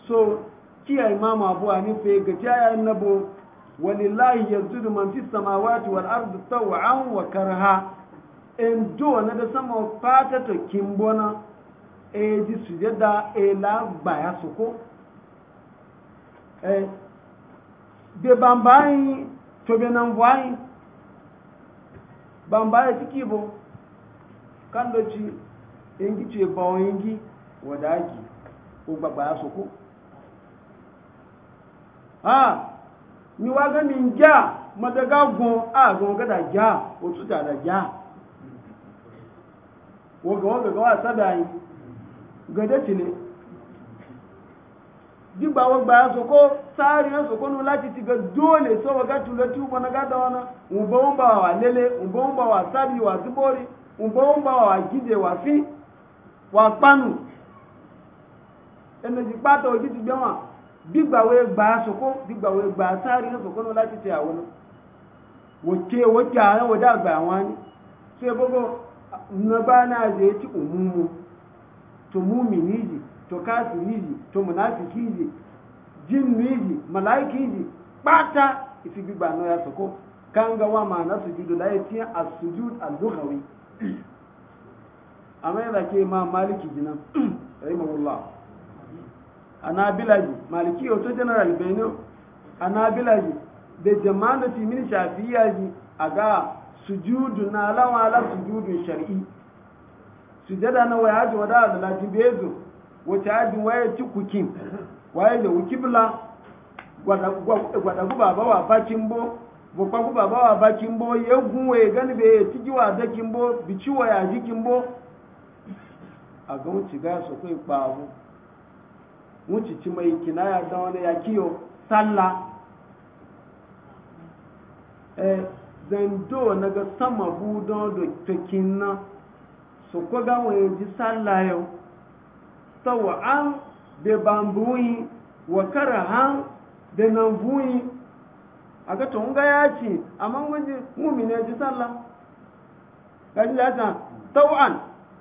so kiya imam abu ani fe ga ya annabo walillahi yazudu man fis samawati wal ardi taw'an wa karha en do na da sama fata to kimbona e ji sujada e la baya soko e de bambayin to be nan bambaye tikibo kando ci ingi ce bawon ingi wadaki ko gbagba ya soko ha ni wa ga min ja madaga gun a gun ga da ja o tu da da ja wo ga wo ga wa sada yi ga da tile digba ti ga dole so wa ga tu lo ti u zibori u bo wa gide wa wakpanu pánù ẹnìjì pátá ojú ti gbẹ́wọ̀n gbígbàwé gbà sọ́kó gbígbàwé gbà sáàrí ní sọ́kó láti tẹ àwọn wòkè wòkè àwọn wòdà ni tí ó gbogbo nàgbà náà zè tí òun mu tó mú mi níyì tó káàsì níyì tó mùnáfìkì yìí jin níyì màláìkì yìí pátá ìfi gbígbà náà sọ́kó kángawa màá náà amma yana ke ma maliki jina rahimahullah anabilaji maliki yau to general benin anabilaji da jama'an fi min shafiya ji a ga sujudu na alawa ala sujudun shari'i sujada na waya ji wada da lajibezo wace ajin waya ci kukin waya da wukibla gwada guba ba wa bakin bo bukwa guba ba wa bakin bo ya gunwe gani bai ya ci giwa da kimbo biciwa ya ji bo? a ga wuce ga su kai babu wuce ci mai kinaya da wani ya kiyo salla eh zando na ga sama budon da takin na su ko ga wani ji salla yau sawa an da bambuyi wa karahan da nan buyi a ga tun ga ya ce amma wani mumina ji salla ga ji ya ta tau'an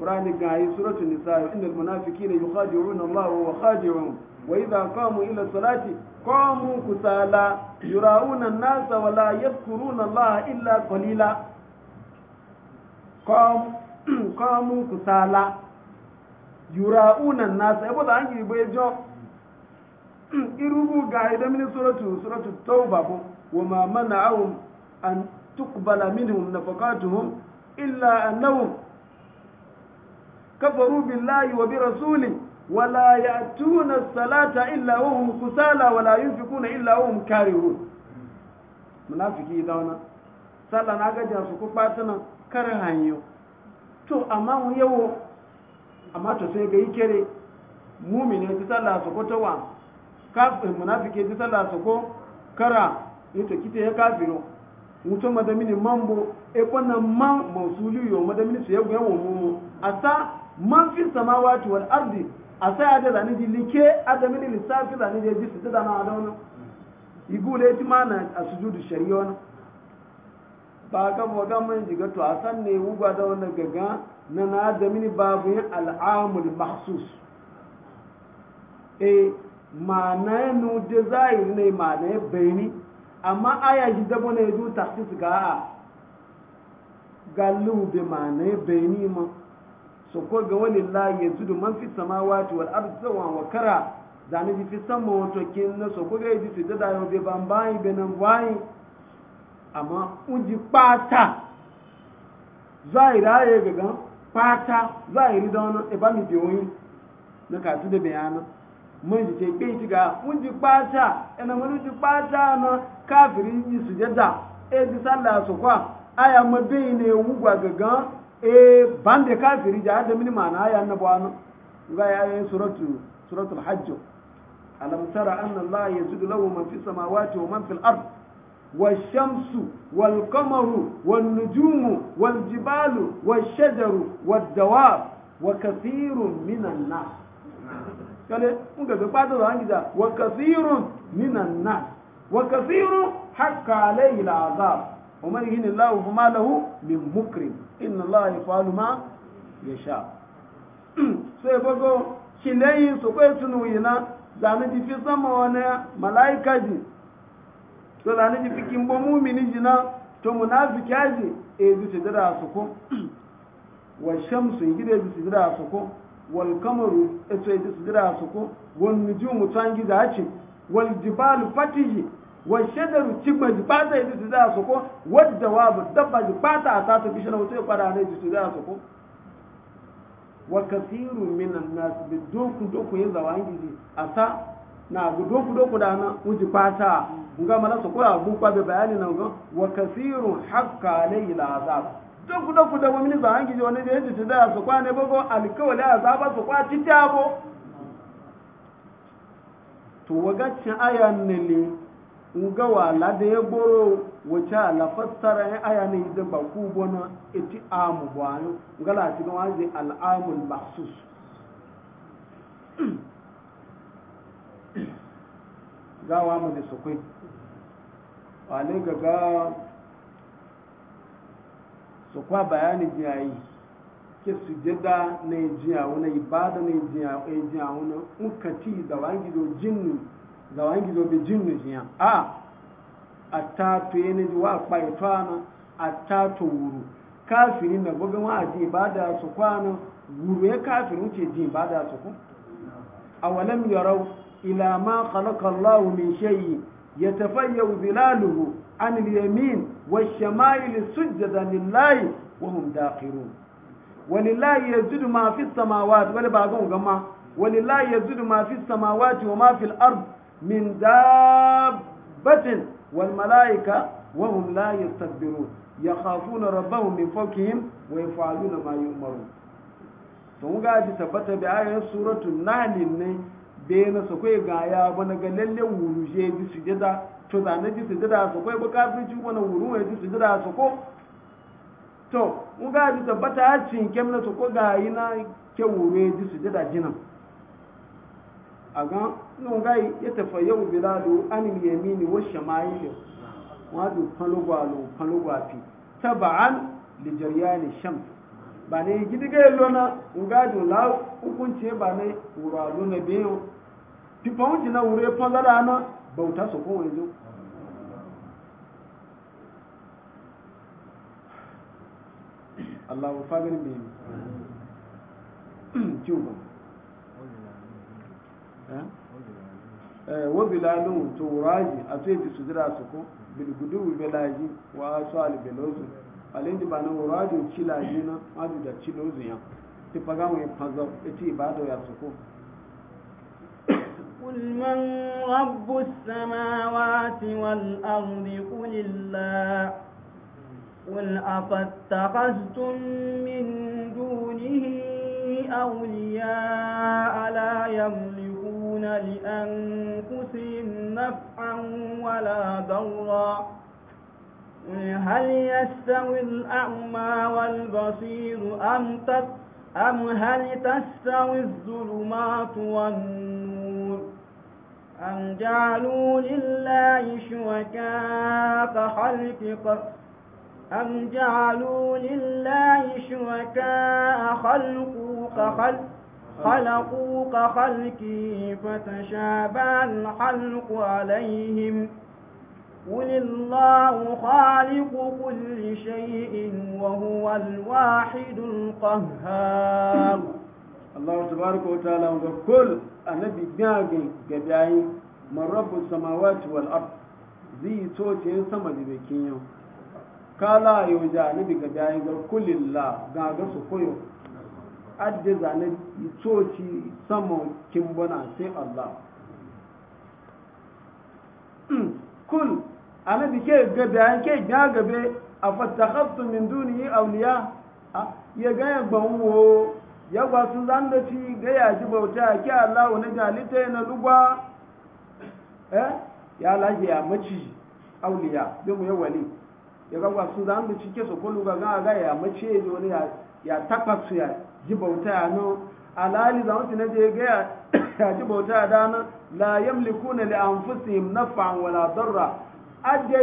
قرآن قاية سورة النساء إن المنافقين يخادعون الله وهو وإذا قاموا إلى الصلاة قاموا كسالا يراؤون الناس ولا يذكرون الله إلا قليلا قام قاموا كسالا يراؤون الناس أبو ذا بيجو irugu ga idan mini suratu suratu tauba ko wa ma mana'ahum an tuqbala minhum nafaqatuhum illa kafaru billahi wa bi rasuli wala ya'tuna as-salata illa wa hum kusala wala yunfikuna illa wa hum karihun munafiki dauna sallah na gaja su ku batuna kar hanyo to amma mu yawo amma to sai ga yikere mumine ti sallah su ko tawa kafir munafiki ti sallah su ko kara yito kite ya kafiro mutum madamini mambo e kwana man mausuli yo madamin su ya yawo mu asa man fi samawati wal ardi a sai ada zani ji like ada mini lissafi zani je na ada wani igule ti mana a sujudu shari'a ba ga boga ga mun jiga to a san ne uba da wannan gaga na na adamin babu yin al'amul mahsus eh ma'ana nu da zai ne ma'ana bayni amma aya ji da bane du tahsis ga a galu be ma'ana bayni ma so ko ga wani layi yanzu da man fi sama samawati wal ardi sawa wa kara da ni fi san wato kin na so ko ga yi su da da yobe ban bayi benan bayi amma unji pata zaira ya ga gan pata zairi da wannan e ba mi bi oyin na ka su da bayana mun ji te pe ti ga unji pata ina e mun ji pata na kafiri ji sujada e ji sallah so kwa aya mabe ne wugwa gagan e bande kafiri ja da mini mana ya annabi wani ga ya yi suratu suratul hajj alam tara anna allaha yazidu lahu man samawati wa man fil ard والشمس والقمر والنجوم والجبال والشجر والدواب وكثير من الناس kale in ga gaba da zan gida wa kasiru minan wa kasiru hakka alayhi al'azab wa man yuhin lahu min mukrim inna Allah ya falu ma ya sha sai bago kilayin su kai sunu yana zani ji fi sama wani malaika ji to zani ji fikin bo mumini jina to munafiki ji e ji su dira su ko wa shamsu gida ji su dira su ko wal kamaru e ji su dira su ko wal nujumu tangi da ci wal jibalu fatiji والشجر تشبه جباتا يدي تزايا سوكو والدواب الدبا جباتا أساسا بشنا وتوي قد عليه يدي تزايا سوكو وكثير من الناس بدوكو دوكو يزاوا عندي أسا na doku doku da na uji fata nga mala su kura bu kwa be bayani na ngon wa kasirun hakka alayhi alazab doku doku da wamini za hangi jone da yaji da su kwa ne bogo alkawali azaba su kwa titabo to waga nga wala da ya goro wuce ala fassara ya aya ne da ba ku bona iti amu ba yo nga la ti gawa je al amul mahsus gawa mu da su kai wale ga ga su kwa bayani ji ayi ke su jeda na ijiya wani ibada na ijiya e wani ukati da wani gido jinnu zawangi zo be jinnu jiya a atta to yene ji wa pa itwana atta to wuru kafirin na gogan wa ji ibada su kwana wuru ya kafirin ce ji ibada su ku awalam yarau ila ma khalaqa Allah min shay'in yatafayyu zilaluhu an al-yamin wash-shama'il sujada lillahi wa hum daqirun walillahi yajudu ma fi as-samawati wal ba'dhu gama walillahi yajudu ma fi as-samawati wa ma fi al-ardh min dabbatin wal mala'ika wa hum la yastakbirun yakhafuna rabbahum min fawqihim wa yaf'aluna ma yu'marun to mun ga ji tabbata bi ayatin suratul nahl ne be na su kai ga ya bana ga lalle ji su jida to da na ji su sujada su kai ba ji wani wuru ya ji su jida su ko to mun ga ji tabbata a cin kem na su ko ga yi na ke wuru ya ji su sujada jinan a ga sun gai ya tafi yau biladu an yamini wa shamayil wa du kalugwa lu kalugwa fi taba'an li jaryan shams ba ne gidiga lona ungadu la hukunce ba ne uralu na biyo pipon jina ure pandara na bauta so ko wanzo Allahu fagari bi Cuba. Huh? Eh? Eh, wabilalun turaji a tsaye su jira su ko bilgudu belaji wa su albelozu alin ba na urajin cilaji na maju da cilozu ya ti faga mai faza ita ibada ya su ko قل من رب السماوات والأرض قل الله قل أفاتخذتم من دونه أولياء لا يملكون يملكون لأنفسهم نفعا ولا ضرا هل يستوي الأعمى والبصير أم أم هل تستوي الظلمات والنور أم جعلوا لله شركاء كخلق أم جعلوا لله شركاء خلقوا كخلق خلقوا كخلقي فتشابه الخلق عليهم قل الله خالق كل شيء وهو الواحد القهار الله تبارك وتعالى كل النبي جاغن جبعي من رب السماوات والارض زي توتي سما بكين kala yau ja ni daga bayan ga kulilla ga ga su coci saman kimbuna sai Allah hmm. kul anabi ke ga an ke ga gabe a fattakhattu min dunihi auliya ya ga ya gbanwo ya gwa sun zan da ci ga ya ji bauta ke Allah wani jalita na lugwa eh ya laje ya maci auliya, bi ya wali ya ga gwa sun zan da ci ke so ko ga ga ya mace ya wani ya ya ya ji bauta ya no alali za mutu na je gaya ci bauta a dana la yamlikuna li anfusihim naf'an wala darra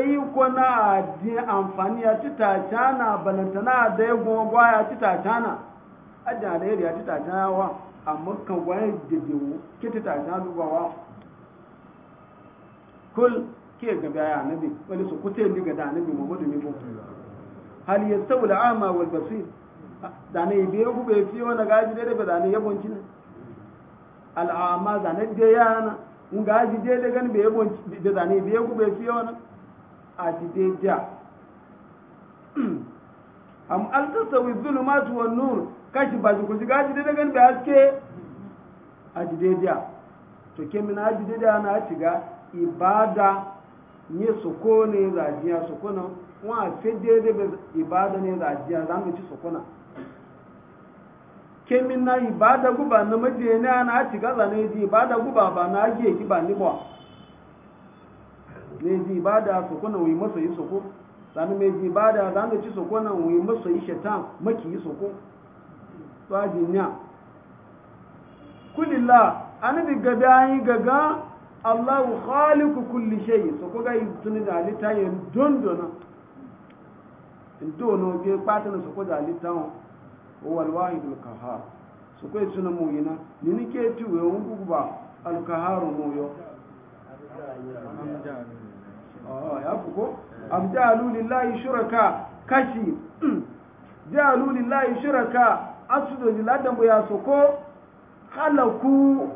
yi ko na di amfani ya ci tacana balantana da ya gwagwa ya ci tacana ajiya da ya ci cana wa amma kan waye da dewo ki ci zuwa wa kul ke gaba ya nabi wani su kute ni ga da nabi muhammadu ne ko hal yastawi al-ama wal basir zane ibe ku be fiyo na gaji dai ba zane yabon cin al'ama zane da yana mun gaji dai da gan be yabon da zane ibe ku be fiyo na a ti dai ja am altasawi dhulumatu wan nur kashi ba ku gaji dai da gan be haske a ti dai ja to ke min haji dai da na shiga ibada ne soko ne zajiya soko na wa fe dai da ibada ne zajiya zamu ci soko na kemin na ibada guba na maje ne ana ci gaza ne ji ibada guba ba na age ki ba ni ba ne ji ibada su kuna wi masa yi soko sanu me ji ibada zan ga ci soko nan wi masa yi shaitan maki yi soko to aji nya kulilla bi gaba an yi gaga Allahu khaliqu kulli shay soko ga yi tuni da halitta yin dondona in dono ge patana soko da halitta هو الواحد القهار سكوي سنة موينا نينكي تيوي ونكوكبا القهار مويو آه يا فكو kashi jalu lillahi shuraka asudu mm. lilladan ya soko khalaku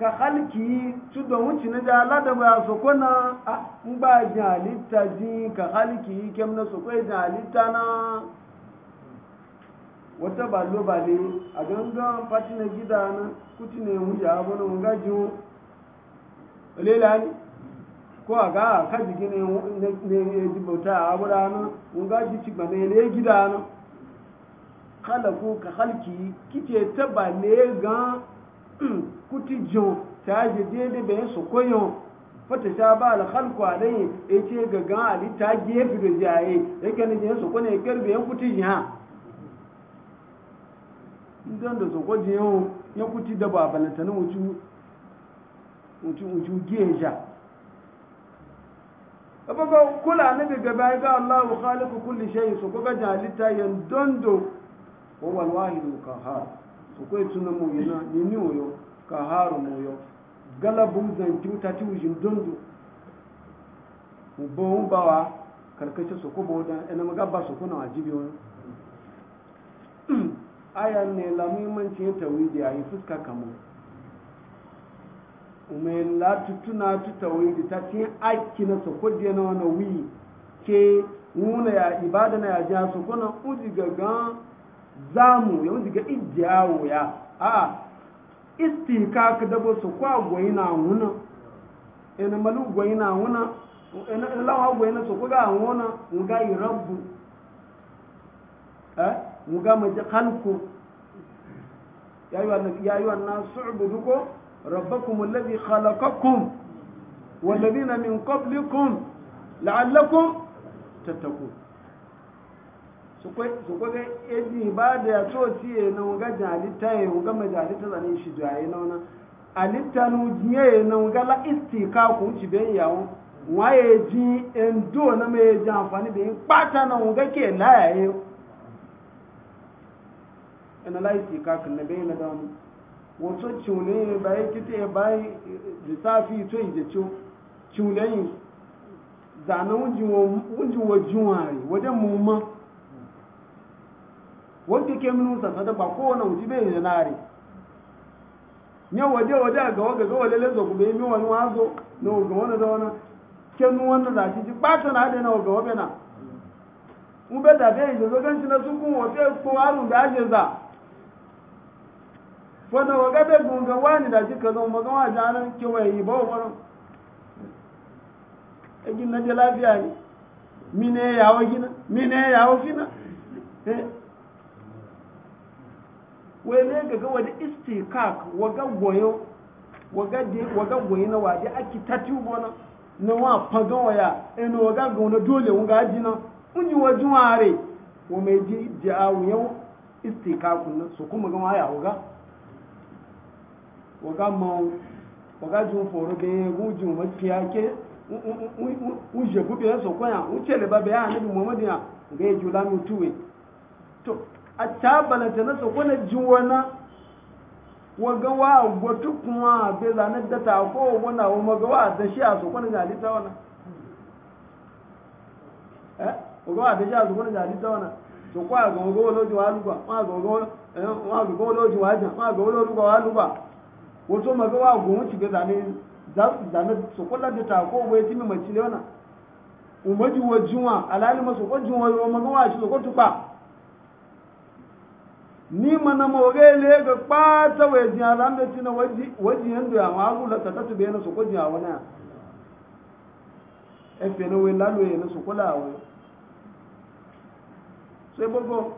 ka khalki tudon wuce na jalada ya soko na a ah, ba jalita ji ka khalki kem na soko jalita na wata ba loba ne a gangan fatina gida na kuti ne mu ya abu nan ga jiwo lela ne ko a ga ka jigi ne ne ne dibota a abu da na mu ga ji ci ne ne gida na ko ka halki kice ta ba ne ga kuti jo ta je de da ben su koyo fata sha ba al khalqu alayhi e ce ga ga ali ta gefe da jaye yake e ne su kone karbe yan kuti ha don da soko yau ya kuti da ba balantana wucu geja abubuwa kula na daga bayan ga allahu khalifu kulli shayi su kuka jalita yin dondo ko walwahidu kahar su kai tuna moyo na nini moyo kaharu moyo galabun zanki wuta ci wujin dondo ubon bawa karkace su kuma wadanda ina magaba su kuna wajibi wani ayan ne la muhimmancin tawhidi a yi fuska kamar umar la tutuna tu tawhidi ta cin aiki na sokoje na wani wi ke nuna ya ibada na ya ja su kuna uji gaga zamu ya uji ga ijiyawo ya a istika ka dabo su kwa gwai na wuna ina malu gwai na wuna ina lawa gwai na su kuga wuna nga yi rabbu eh muga maji halku ya yi wannan su'ubudu ko rabbakum alladhi khalaqakum ladina min qablikum la'allakum tattaqun su kwa ga ebi ba da ya to tiye na muga jalita ya muga majalita zane shi jaye na wannan alita nu jiye na muga la istika ku ci ben yawo waye ji endo na me ji amfani da yin pata na ga ke layaye ina laiki kakin na bayyana da wani wato cune bayan kita ya bayi lissafi to yi da ciwo cune yi zane wunji wa juwari wajen mumma wadda ke minu sassa ba kowane wuji bai nare waje waje a gawa gaga wale lezo ku bai mi wani wazo na ga wani da wani kenu wani za ci bata na adana wa gawa na. da bai da zo ganci na sukun wafe ko harun da wanda waga bai gungan wani da jika zan ba gawa jaran kewaye ba wani a e gina na lafiya ne mine yawo gina mine yawo fina wai ne ga ga wani istikak waga goyo waga goyi na waje ake tatu wani na wa fagan waya ina e waga ga wani dole wunga jina unyi wajen ware wa mai ji ja'awun yau istikakun nan su kuma gama ya waga waga mau waga jun foro be wujun ma tiyake wuje gube so koya wucele ba ya nabi muhammadu ya ga ya la mi to a tabala tana so kona juwana waga wa gotu kuma be da ta ko wana wa maga wa a so kona jalita eh wa da a so kona jalita wana ga waga wa lojin eh, wa ga wa ga wato maga wa gun ci ga zane zane su kula da ta ko wai timi mace ne wannan umaji wa jinwa alali masu ko jinwa yo maga wa shi ko tuba ni mana mo ga le ga pa ta wai ji alam da tina waji waji yando ya ma gula ta tatu bayan su ko jinwa ya? e fe no wai lalo na su kula wa sai bogo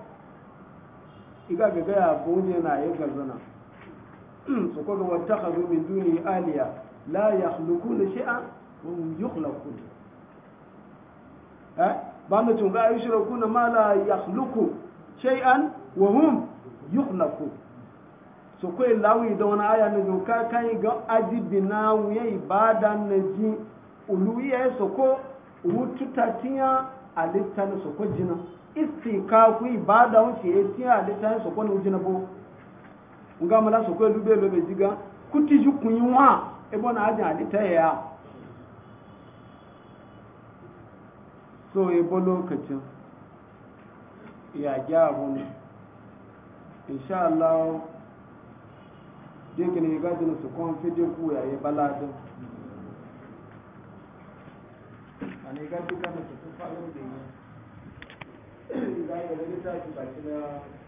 iga ga ga ya bo ne na ye garzana su ko ga wata hazu min duni aliya la ya hluku na shi'a wani yi hluku eh? ba na tun ga yi shiraku na ma la ya hluku shai'an wa hum yi hluku su ko lawi da wani aya na doka kan yi ga na wuya ibada na ji uluwiya su ko wututatiya a littan su ko jina istikaku ibada wuce ya tiya a littan su ko na wujina bo nga mala so kwelu be lo mejiga kuti ju kunywa ebo na aja alita ya so ebo lokacin ya gyaru insha Allah dinkin ya gaji na su kwan fi dinku ya yi baladin a ne gaji gana su fi faɗin da yi za ta ci baki na